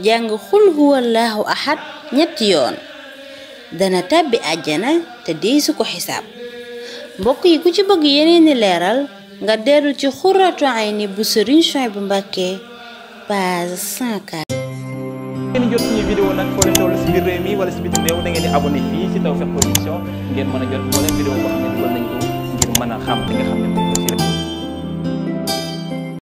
jàng xul huwallaahu ahad ñetti yoon dana tàbbi àjjana te diisu ko xisaab mbokk yi ku ci bëgg yeneeni leeral nga dellu ci xurratu ayni bu Sëriñ Suwaybu Mbàkke page 104 ngeen